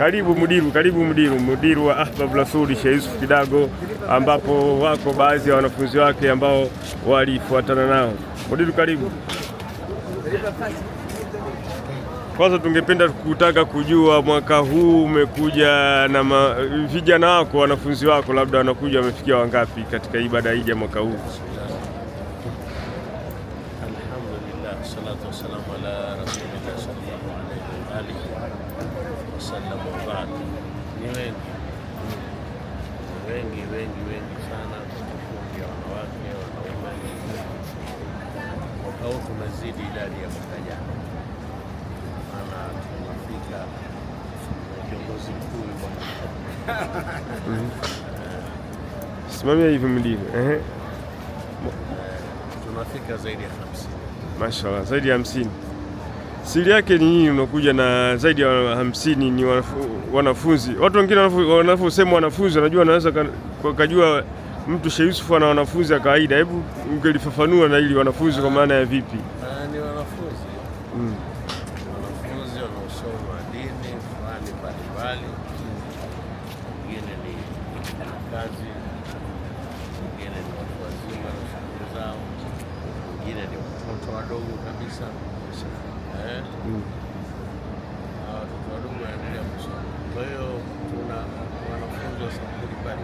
Karibu mudiru, karibu mudiru, mudiru wa Ahbab Rasuli Sheikh Yusuf Kidago, ambapo wako baadhi ya wanafunzi wake ambao walifuatana nao. Mudiru, karibu. Kwanza tungependa kutaka kujua mwaka huu umekuja na ma... vijana wako wanafunzi wako labda wanakuja wamefikia wangapi katika ibada hii ya mwaka huu? simamia hivi mlivyo. Tunafika zaidi ya 50. Mashallah, zaidi ya 50. Siri yake ni nini? Unakuja na zaidi ya hamsini ni wanafunzi. Watu wengine wanavyosema wanafunzi, wanajua wanaweza wakajua mtu Sheikh Yusuf ana wanafunzi ya kawaida. Hebu ungelifafanua na ili wanafunzi kwa maana ya vipi? wengine ni watoto wadogo kabisa eh, na mm. ah, watoto wadogo wanaendelea kusoma. Kwa hiyo tuna wanafunzi wa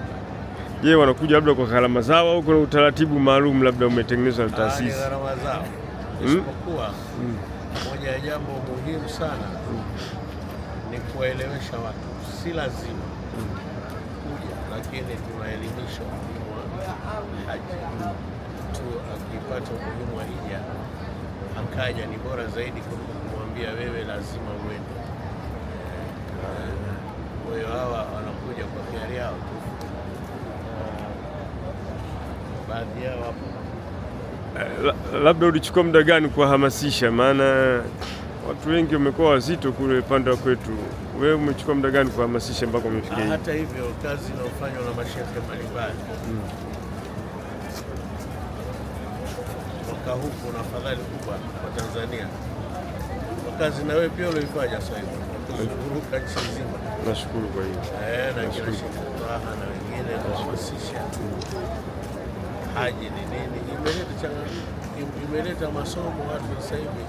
Je, wanakuja labda kwa gharama zao au kuna utaratibu maalum labda umetengenezwa na ah, taasisi? Gharama zao hmm? isipokuwa hmm. moja ya jambo muhimu sana mm. ni kuwaelewesha watu, si lazima mm. kuja, lakini tunaelimisha umuhimu wa haji. Hmm mtu akipata umuhimu wa hija akaja, ni bora zaidi kuliko kumwambia wewe lazima uende. Kwa eh, hiyo hawa wanakuja kwa hiari yao tu, eh, baadhi yao hapo. Eh, labda ulichukua muda gani kuwahamasisha? Maana watu wengi wamekuwa wazito kule upande wa kwetu. Wewe umechukua muda gani kuhamasisha mpaka umefikia? Ah, hata hivyo kazi inayofanywa na mashirika mbalimbali mm. mwaka huu kuna fadhali kubwa kwa Tanzania kwa kazi na wewe pia ulioifanya sasa hivi kuzunguruka nchi nzima. Nashukuru kwa hiyo eh, na kila shirika na wengine kuhamasisha haji ni nini, imeleta changamoto, imeleta masomo watu. Sasa hivi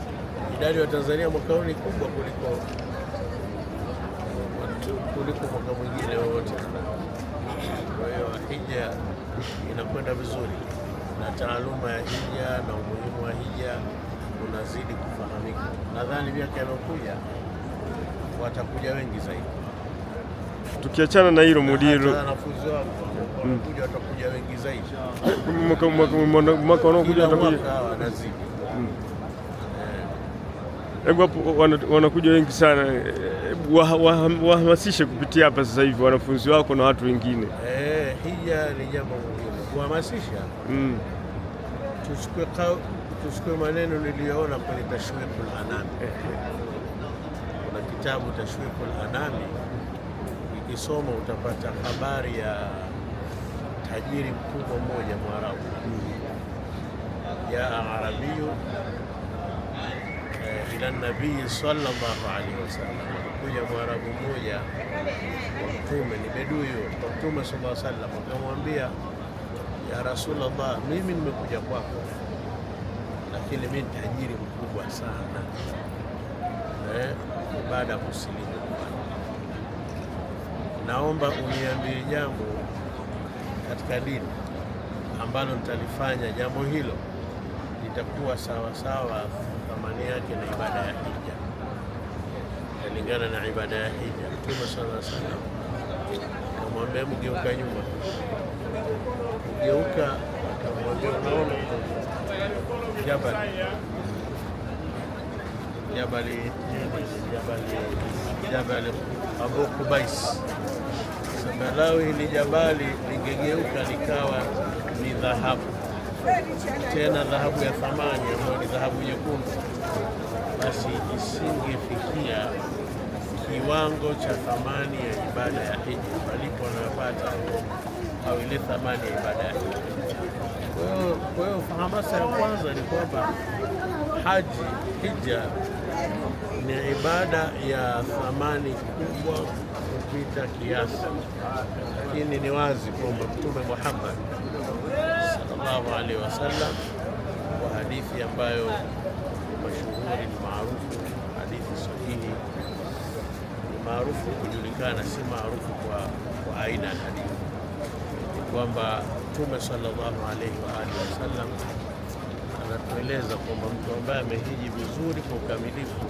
idadi ya Tanzania mwaka huu ni kubwa kuliko kuliko mwaka mwingine wote, kwa hiyo hija inakwenda vizuri na taaluma ya hija na umuhimu wa hija unazidi kufahamika. Nadhani miaka yanayokuja watakuja wengi zaidi. Tukiachana na hilo Mudiru, wanafunzi wangu wanakuja, watakuja wengi zaidi mwaka unaokuja, watakuja wanazidi mm. hebu hapo wanakuja wengi sana, wahamasishe kupitia hapa sasa hivi wanafunzi wako na watu wengine. Eh, Hija ni jambo muhimu kuhamasisha mm. tuchukue maneno niliyoona kwenye Tashwiqul Anami. Kuna kitabu Tashwiqul Anami, ikisoma utapata habari ya tajiri mkubwa mmoja Mwarabu mm. ya arabiyu eh, ila nabii sallallahu alaihi wasallam, kuja mwarabu mmoja wa mtume ni beduyo kwa mtume sallallahu alaihi wasallam, akamwambia ya Rasulullah, mimi nimekuja kwako, lakini mimi tajiri mkubwa sana eh, baada ya kusilimu naomba uniambie jambo katika dini ambalo nitalifanya. Jambo hilo litakuwa sawasawa thamani yake na ibada ya hija, kulingana na ibada ya hija. Mtume sala alaihi wasallam kamwambia, mgeuka nyuma akigeuka akamwambia, unaona jabali jabali jabali Abu Kubais, angalau hili jabali lingegeuka likawa ni dhahabu, tena dhahabu ya thamani ambayo ni dhahabu nyekundu, basi isingefikia kiwango cha thamani ya ibada ya hija palipo napata au ile thamani ya ibada yake. Kwa hiyo hamasa ya kwanza ni kwamba haji hija ni ibada ya thamani kubwa kupita kiasi, lakini ni wazi kwamba Mtume Muhammad sallallahu alaihi wasallam kwa hadithi ambayo mashuhuri ni maarufu, hadithi sahihi ni maarufu kujulikana, si maarufu kwa aina ya hadithi kwamba Mtume sallallahu alaihi wa alihi wasallam anatueleza kwamba mtu ambaye amehiji vizuri kwa ukamilifu,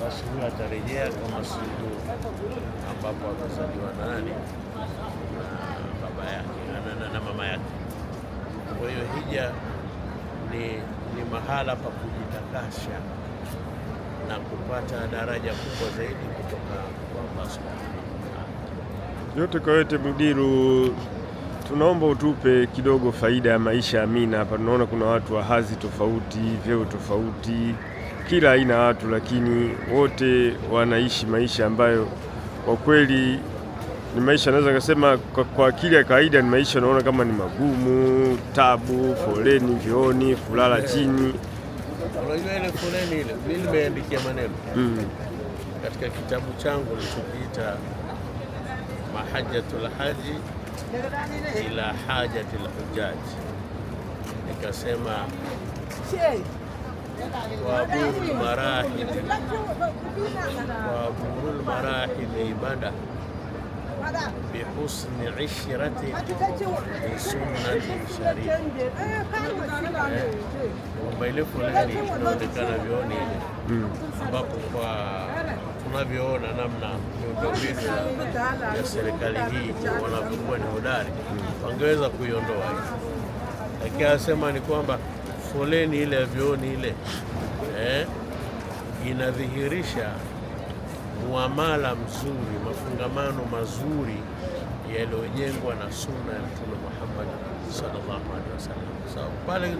basi huyo atarejea kama siku ambapo amezaliwa nani na baba yake na mama yake. Kwa hiyo hija ni, ni mahala pa kujitakasha na kupata daraja kubwa zaidi kutoka kwa Allah subhanahu wa ta'ala. yote kwa yote mdiru tunaomba utupe kidogo faida ya maisha ya Mina hapa. Tunaona kuna watu wa hadhi tofauti, vyeo tofauti, kila aina watu, lakini wote wanaishi maisha ambayo kwa kweli ni maisha naweza kasema kwa, kwa akili ya kawaida ni maisha naona kama ni magumu, tabu, foleni vioni, kulala eh. chini. Unajua ile foleni ile, mimi nimeandikia maneno mm, katika kitabu changu nilichokiita Mahajatul Haji إلى حاجة الحجاج نكسما وابور المراحل وابور المراحل إبادة بحسن عشرة سنة شريفة وبيلفوا لنا يشتغل كان بيوني بابو unavyoona namna miundombinu ya serikali hii wanavyokuwa ni hodari, wangeweza kuiondoa hii. Lakini anasema ni kwamba foleni ile ya vioni ile eh, inadhihirisha muamala mzuri, mafungamano mazuri yaliyojengwa na sunna ya Mtume Muhammad sallallahu alaihi wasallam. pale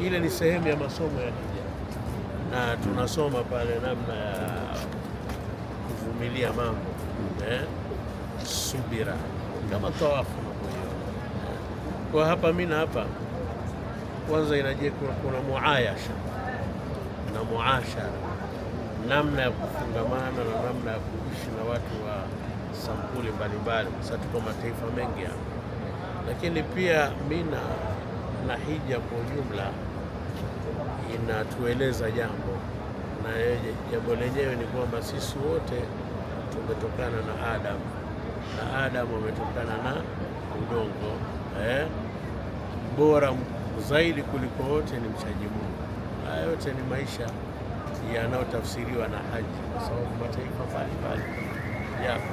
ile ni sehemu ya masomo ya hija na tunasoma pale namna ya kuvumilia mambo eh, subira kama tawafu kwa hapa Mina hapa kwanza inaje, kuna muayasha na muashara, namna ya kufungamana na namna ya kuishi na watu wa sampuli mbalimbali, kwa sababu tuko mataifa mengi hapa. Lakini pia Mina na hija kwa ujumla inatueleza jambo, na jambo lenyewe ni kwamba sisi wote tumetokana na Adamu na Adamu ametokana na udongo eh? Bora zaidi kuliko wote ni mchaji Mungu. Haya yote ni maisha yanayotafsiriwa na haji, kwa sababu mataifa mbalimbali yapo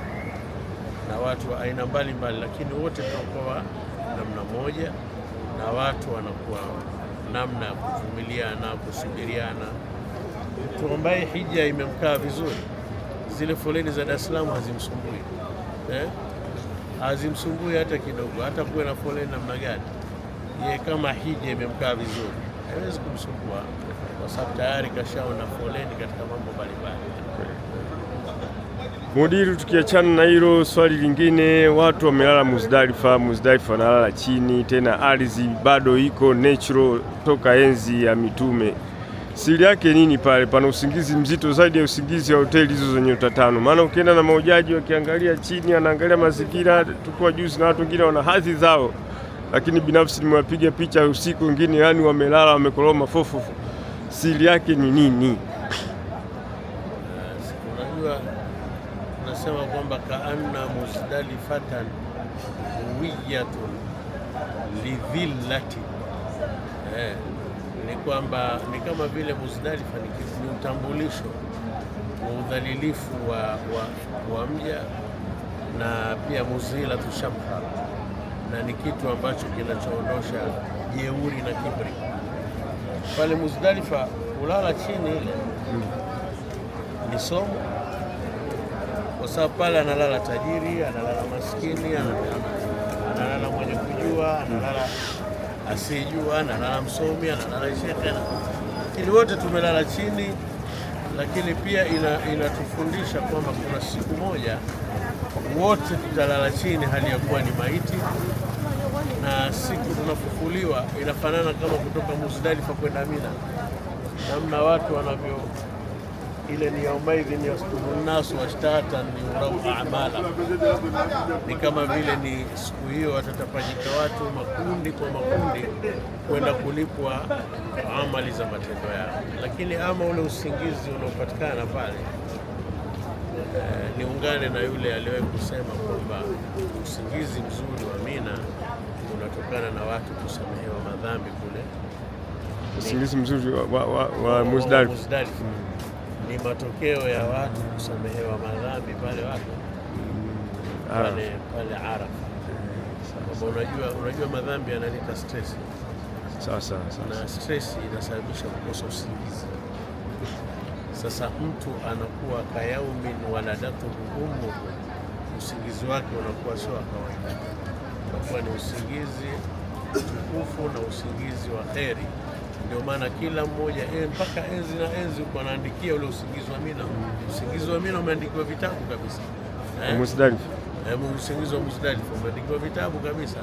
na watu wa aina mbalimbali, lakini wote tunakuwa namna moja na watu wanakuwa namna ya kuvumiliana, kusubiriana. Mtu ambaye hija imemkaa vizuri zile foleni za Dar es Salaam hazimsumbui eh? hazimsumbui hata kidogo, hata kuwe na foleni namna gani. Ye kama hija imemkaa vizuri, haiwezi kumsumbua kwa sababu tayari kashaona foleni katika mambo mbalimbali. Mudiri, tukiachana na hilo swali lingine, watu wamelala Muzdalifa, Muzdalifa wanalala chini, tena ardhi bado iko natural toka enzi ya mitume. Siri yake nini pale? Pana usingizi mzito zaidi ya usingizi wa hoteli hizo zenye utatano. Maana ukienda na maujaji wakiangalia chini, anaangalia mazingira. Tukua juzi na watu wengine wana hadhi zao, lakini binafsi nimewapiga picha usiku, wengine yani wamelala wamekoloa mafofofu. Siri yake ni nini? Eh, unajua, kwamba kaanna muzdalifatan huwiyatun lidhillati eh ni kwamba ni kama vile Muzdalifa ni utambulisho wa udhalilifu wa, wa, wa mja na pia muzilatu shamha, na ni kitu ambacho kinachoondosha jeuri na kibri. Pale Muzdalifa kulala chini ile ni somo, kwa sababu pale analala tajiri, analala maskini, analala mwenye kujua, analala asijua na nana msomi na nana shekhe, lakini wote tumelala chini, lakini pia inatufundisha ina kwamba kuna siku moja wote tutalala chini hali ya kuwa ni maiti, na siku tunafufuliwa inafanana kama kutoka Muzdalifa kwenda Mina, namna watu wanavyo ile ni yaumaidhin yasdumu nnasu ashtatan yurau amala, ni kama vile ni siku hiyo watatapanyika watu makundi kwa makundi kwenda kulipwa amali za matendo yao. Lakini ama ule usingizi unaopatikana pale eh, niungane na yule aliyewahi kusema kwamba usingizi mzuri wa Mina unatokana na watu kusamehewa madhambi kule, usingizi mzuri wa, wa, wa, wa Muzdalifa ni matokeo ya watu kusamehewa madhambi pale wapi? pale ah. pale Arafa. Unajua, unajua madhambi yanaleta stress. Sawa sawa Na stress inasababisha kukosa usingizi. Sasa mtu anakuwa kayaumin waladatuhu ummuhu, usingizi wake unakuwa sio kawaida, unakuwa ni usingizi tukufu na usingizi wa kheri. Ndio maana kila mmoja e, mpaka enzi na enzi uko anaandikia ule usingizi wa mina. Usingizi wa mina umeandikiwa vitabu kabisa eh? eh, usingizi wa Musdalifa umeandikiwa vitabu kabisa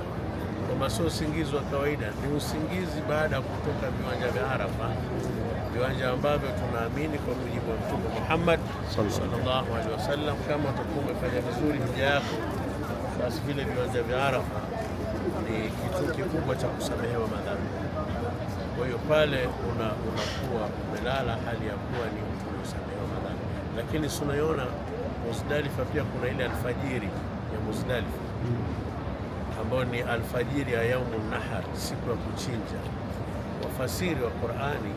kwamba sio usingizi wa kawaida, ni usingizi baada ya kutoka viwanja vya Arafa, viwanja ambavyo tunaamini kwa mujibu wa Mtume Muhammad sallallahu alaihi wasallam, kama utakuwa umefanya vizuri hija yako, basi vile viwanja vya Arafa ni kitu kikubwa cha kusamehewa madhambi. Kwa hiyo pale una unakuwa umelala hali ya kuwa ni mtu umesamehewa madhambi, lakini si unaiona Muzdalifa pia kuna ile alfajiri ya Muzdalifa ambayo ni alfajiri ya yaumu nahar, siku ya kuchinja. Wafasiri wa Qur'ani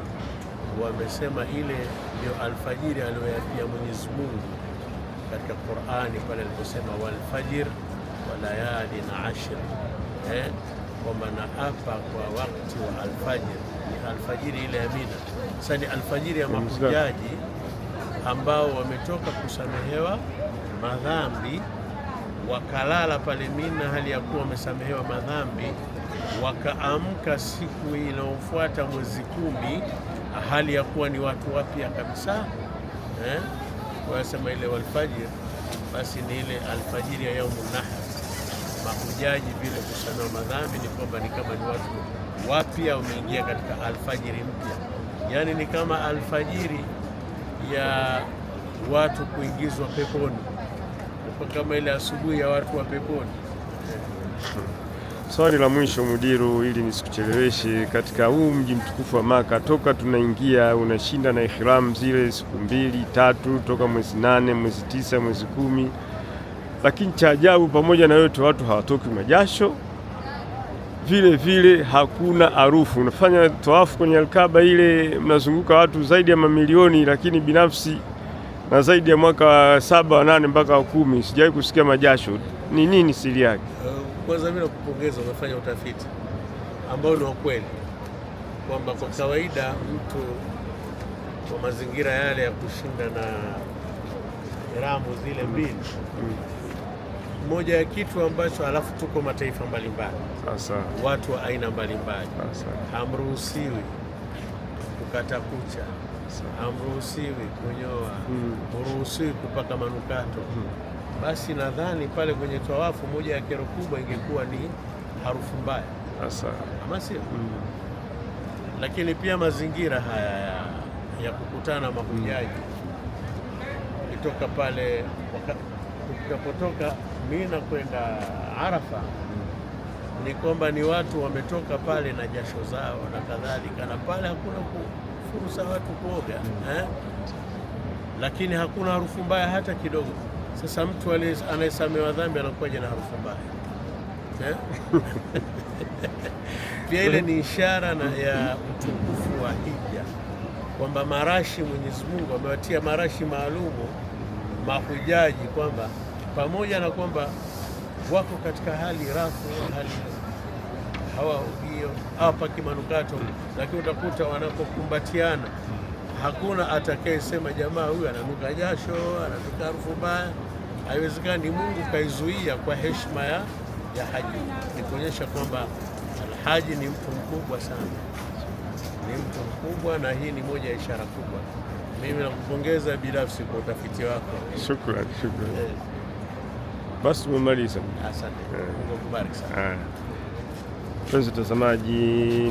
wamesema ile ndio alfajiri aliyoyapia Mwenyezi Mungu katika Qur'ani pale aliposema walfajir wa na ashri, eh, kwamba naapa kwa wakati wa alfajiri ya alfajiri ile ya Mina. Sasa ni alfajiri ya mahujaji ambao wametoka kusamehewa madhambi, wakalala pale Mina hali ya kuwa wamesamehewa madhambi, wakaamka siku inayofuata mwezi kumi hali ya kuwa ni watu wapya kabisa eh? Wanasema ile walfajiri, basi ni ile alfajiri ya yaumu nahar, mahujaji vile kusamehewa madhambi ni kwamba ni kama ni watu wapya umeingia katika alfajiri mpya, yaani ni kama alfajiri ya watu kuingizwa peponi, kama ile asubuhi ya watu wa peponi. Swali la mwisho mudiru, ili nisikucheleweshe, katika huu mji mtukufu wa Maka, toka tunaingia unashinda na ihram zile siku mbili tatu, toka mwezi nane, mwezi tisa, mwezi kumi, lakini cha ajabu, pamoja na yote, watu hawatoki majasho vile vile hakuna harufu. Unafanya toafu kwenye alkaba ile, mnazunguka watu zaidi ya mamilioni, lakini binafsi na zaidi ya mwaka saba nane mpaka kumi sijawahi kusikia majasho. Ni nini siri yake? Uh, kwanza mimi nakupongeza, umefanya utafiti ambao ni wakweli kwamba kwa kawaida mtu wa mazingira yale ya kushinda na rambo zile mbili mm moja ya kitu ambacho, alafu tuko mataifa mbalimbali, watu wa aina mbalimbali, hamruhusiwi kukata kucha, hamruhusiwi kunyoa, hmm. huruhusiwi hmm. kupaka manukato hmm. Basi nadhani pale kwenye tawafu moja ya kero kubwa ingekuwa ni harufu mbaya, ama sio? hmm. Lakini pia mazingira haya ya kukutana mahujaji hmm. kutoka pale tunapotoka Mina kwenda Arafa ni kwamba ni watu wametoka pale na jasho zao na kadhalika, na pale hakuna fursa watu kuoga mm. eh? Lakini hakuna harufu mbaya hata kidogo. Sasa mtu anayesamewa dhambi anakuja na harufu mbaya eh? Pia ile ni ishara na ya utukufu wa hija kwamba marashi, Mwenyezi Mungu amewatia marashi maalumu mahujaji kwamba pamoja na kwamba wako katika hali rafu, hali ubio hapa kimanukato, mm. lakini utakuta wanapokumbatiana hakuna atakayesema jamaa huyu ananuka jasho, anatoka harufu mbaya. Haiwezekani. Mungu kaizuia kwa heshima ya, ya Haji, ni kuonyesha kwamba Alhaji ni mtu mkubwa sana, ni mtu mkubwa, na hii ni moja ya ishara kubwa. Mimi nakupongeza binafsi kwa utafiti wako. Shukrani, shukrani. Eh. Basi tumemaliza. Asante. Eh. Mungu akubariki sana. Eh. Mpenzi mtazamaji,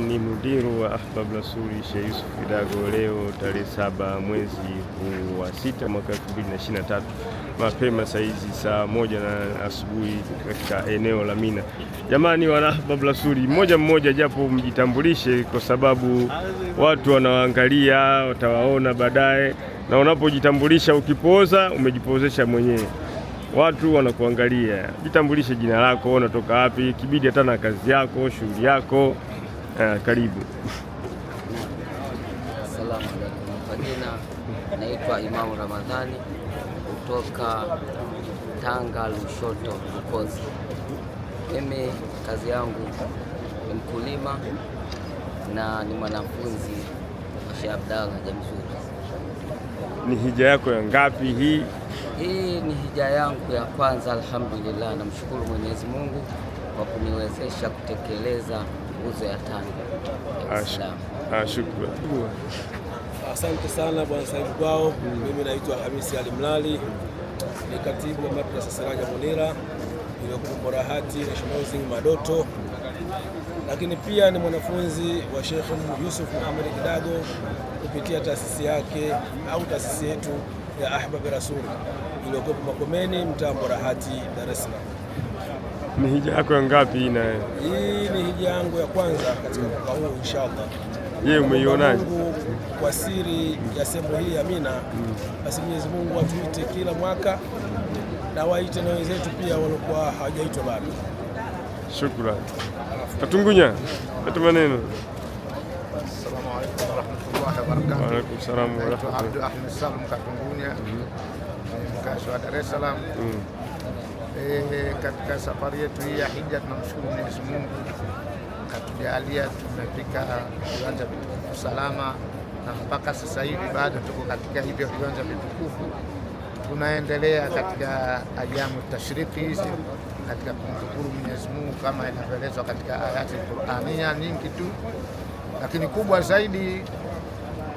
ni mudiru wa Ahbab Rasuli Sheikh Yusuf Kidago, leo tarehe saba mwezi huu wa sita mwaka 2023 mapema saizi saa moja na asubuhi katika eneo la Mina. Jamani, wana Ahbab Rasuli, mmoja mmoja japo mjitambulishe, kwa sababu watu wanaangalia, watawaona baadaye, na unapojitambulisha ukipoza umejipozesha mwenyewe watu wanakuangalia. Jitambulishe jina lako, unatoka wapi, kibidi hata na kazi yako, shughuli yako. Uh, karibu. Asalamu alaykum. Kwa jina naitwa Imamu Ramadhani kutoka Tanga Lushoto Mkozi. Mimi kazi yangu ni mkulima na ni mwanafunzi wa Sheikh Abdallah Jamzuri. Ni hija yako ya ngapi hii? Hii ni hija yangu ya kwanza, alhamdulillah. Namshukuru Mwenyezi Mungu kwa kuniwezesha kutekeleza nguzo ya tano ya Uislamu. Asante sana bwana Said Gwao. Mimi naitwa Hamisi Ali Mlali, ni katibu wa madrasa Siraja Munira iliyoko Mborahati National Madoto, lakini pia ni mwanafunzi wa Sheikh Yusuf Muhammad Kidago kupitia taasisi yake au taasisi yetu ya Ahmed Rasuli iliyokuwepo Makomeni, mtambo Rahati, Dar es Salaam. Ni hija yako ya ngapi? na hii ni hija yangu ya kwanza katika mwaka huu inshallah. Yeye umeionaje? Kwa siri ya sehemu hii ya Mina, basi Mwenyezi Mungu atuite kila mwaka na waite na wenzetu pia waliokuwa hawajaitwa bado. Shukrani. Katungunya, ata maneno Assalamu alaykum warahmatullahi wabarakatuh. Wa alaykum salaam wa rahmatullah. Abdul Ahmed Salum Katungunya hmm. mkazi wa السلام. إيه كات Eh, katika safari yetu نمشون نسمو كات tunamshukuru Mwenyezi Mungu katujalia tumefika viwanja vitukufu salama, na mpaka sasa hivi bado katika hivyo viwanja vitukufu tunaendelea katika ayamu tashriki hizi katika kumshukuru Mwenyezi Mungu kama inavyoelezwa katika ayati Qur'ania nyingi tu lakini kubwa zaidi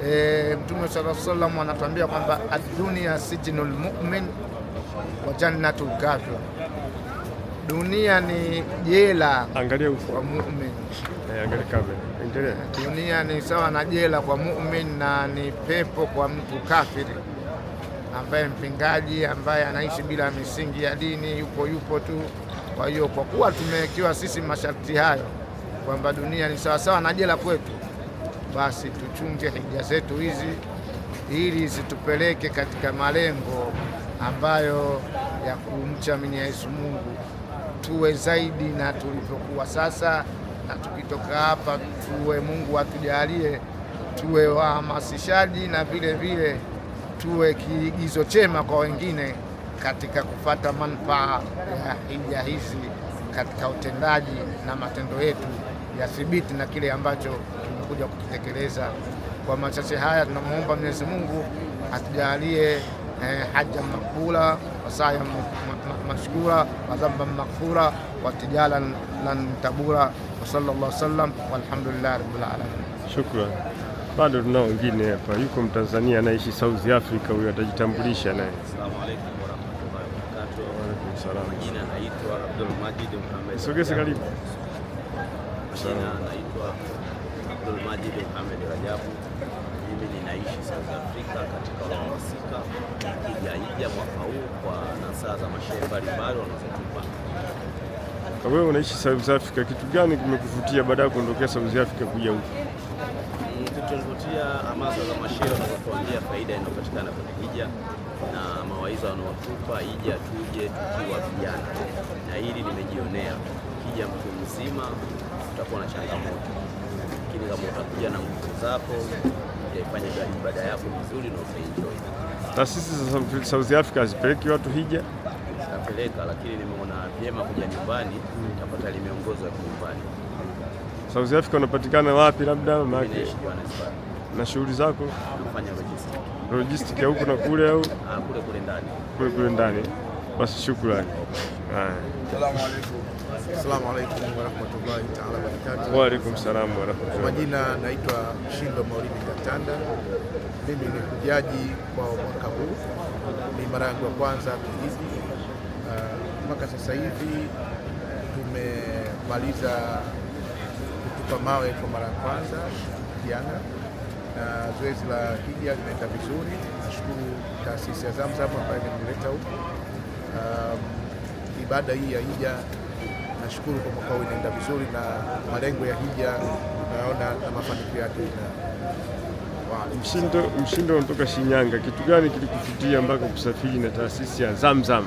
e, Mtume sallallahu salam anatuambia kwamba adunia sijnul mu'min wa jannatul kafir, dunia ni jela kwa mu'min. Eh, dunia ni sawa na jela kwa mu'min na ni pepo kwa mtu kafiri ambaye mpingaji, ambaye anaishi bila misingi ya dini, yupo yupo tu. Kwa hiyo kwa kuwa tumewekewa sisi masharti hayo kwamba dunia ni sawasawa na jela kwetu, basi tuchunge hija zetu hizi ili zitupeleke katika malengo ambayo ya kumcha Mwenyezi Mungu, tuwe zaidi na tulivyokuwa sasa, na tukitoka hapa tuwe, Mungu atujalie tuwe wahamasishaji na vile vile tuwe kiigizo chema kwa wengine katika kupata manufaa ya hija hizi katika utendaji na matendo yetu ya thibiti na kile ambacho tumekuja kukitekeleza. Kwa machache haya, tunamwomba Mwenyezi Mungu atujalie eh, haja makbula wasaya mashkura wadhamba makfura watijala lantabura tabura wa sallallahu sallam walhamdulillahi rabbil alamin. Shukran. Bado tunao wengine hapa, yuko Mtanzania anaishi South Africa, huyo atajitambulisha naye. Asalamu alaykum wa wabarakatuh. Wa alaykum salaam. Majid Mohamed. Sogeze karibu. Jina naitwa Abdul Majid Mohamed Rajabu. Mimi ninaishi South Africa katika wahusika ijaija mwaka huu kwa nasaa za mashehe mbalimbali wanazotupa. Kwa wewe unaishi South Africa, kitu gani kimekuvutia baada ya kuondokea South Africa kuja huku? Kitu kilichovutia hamasa za mashehe wanazotuambia faida inayopatikana kwenye hija na hizo wanaotupa ije atuje tukiwa vijana, na hili nimejionea. Kija mtu mzima utakuwa na changamoto, lakini kama utakuja na nguvu zako utaifanya ibada yako vizuri na utaenjoy. Taasisi za South Africa hazipeleki watu hija zinapeleka lakini nimeona vyema kuja nyumbani tapata limeongozwa nyumbani. South Africa unapatikana wapi? labda maana na shughuli zako logistics ya huku na kule au Ah, kule kule ndani, kule kule ndani. Basi shukrani. Asalamu alaykum wa rahmatullahi ta'ala wa barakatuh. Wa alaykum salaam wa rahmatullahi. Kwa majina naitwa Shindo Maulidi Katanda. Mimi ni kujaji kwa mwaka huu, ni mara yangu ya kwanza kijiji. Uh, mpaka sasa hivi tumemaliza kutupa mawe kwa mara ya kwanza jana na zoezi la hija linaenda vizuri. Nashukuru taasisi ya Zamzam ambayo imenileta huku. Um, ibada hii ya hija nashukuru kwa mwaka huu inaenda vizuri, na malengo ya hija naona na mafanikio yake. Mshindo, Mshindo unatoka Shinyanga, kitu gani kilikuvutia mpaka kusafiri na taasisi ya Zamzam? Um,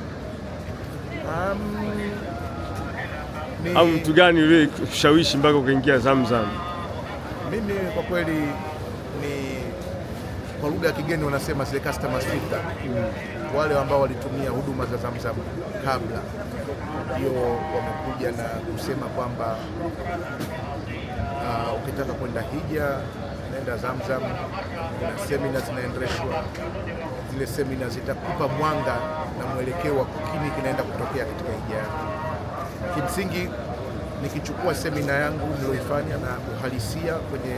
au mtu gani ushawishi kushawishi mpaka ukaingia Zamzam? Mimi kwa kweli ni kwa lugha ya kigeni wanasema zile customer mm. wale ambao walitumia huduma za Zamzam kabla, ndio wamekuja na kusema kwamba uh, ukitaka kwenda hija nenda Zamzam na semina zinaendeshwa. Zile semina zitakupa mwanga na mwelekeo wa kini kinaenda kutokea katika hija yako. Kimsingi nikichukua semina yangu niliyoifanya na uhalisia kwenye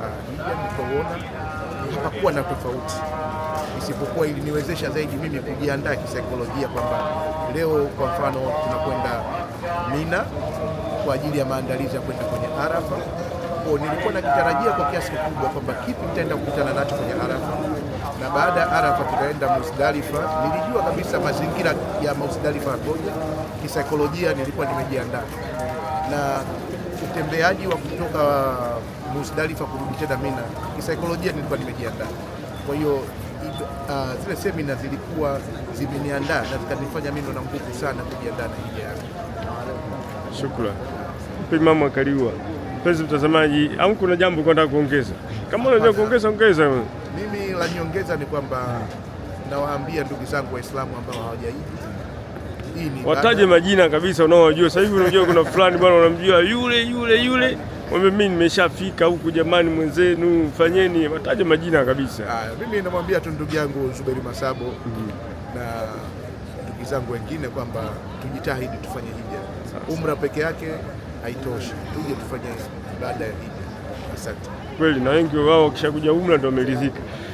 nilipoona hapakuwa na tofauti, isipokuwa iliniwezesha zaidi mimi kujiandaa kisaikolojia kwamba leo kwa mfano tunakwenda Mina kwa ajili ya maandalizi ya kwenda kwenye Arafa. Kwa nilikuwa nakitarajia kwa kiasi kikubwa kwamba kipi nitaenda kukutana nacho kwenye Arafa, na baada ya Arafa tutaenda Musdalifa. Nilijua kabisa mazingira ya Musdalifa yakoje, kisaikolojia nilikuwa nimejiandaa na utembeaji wa kutoka Muzdalifa kurudi tena Mina. Kisaikolojia nilikuwa nimejiandaa, kwa hiyo uh, zile semina zilikuwa zimeniandaa na zikanifanya mimi na nguvu sana kujiandaa na hija yangu. Shukrani mama Akaliwa. Mpenzi mtazamaji, au kuna jambo nataka kuongeza? Kama unajua kuongeza ongeza. Mimi la niongeza ni kwamba nawaambia ndugu zangu Waislamu ambao hawajaiji hii ni wataje majina kabisa unaowajua. Sasa hivi unajua kuna fulani bwana, unamjua yule yule yule Mwambie mimi nimeshafika huku jamani, mwenzenu fanyeni, wataje majina kabisa. Ah, mimi namwambia tu ndugu yangu Zuberi Masabo mm. na ndugu zangu wengine kwamba tujitahidi tufanye hija. Umra peke yake haitoshi, tuje tufanye ibada ya hija. Asante. Kweli na wengi wao wakishakuja umra ndio wameridhika.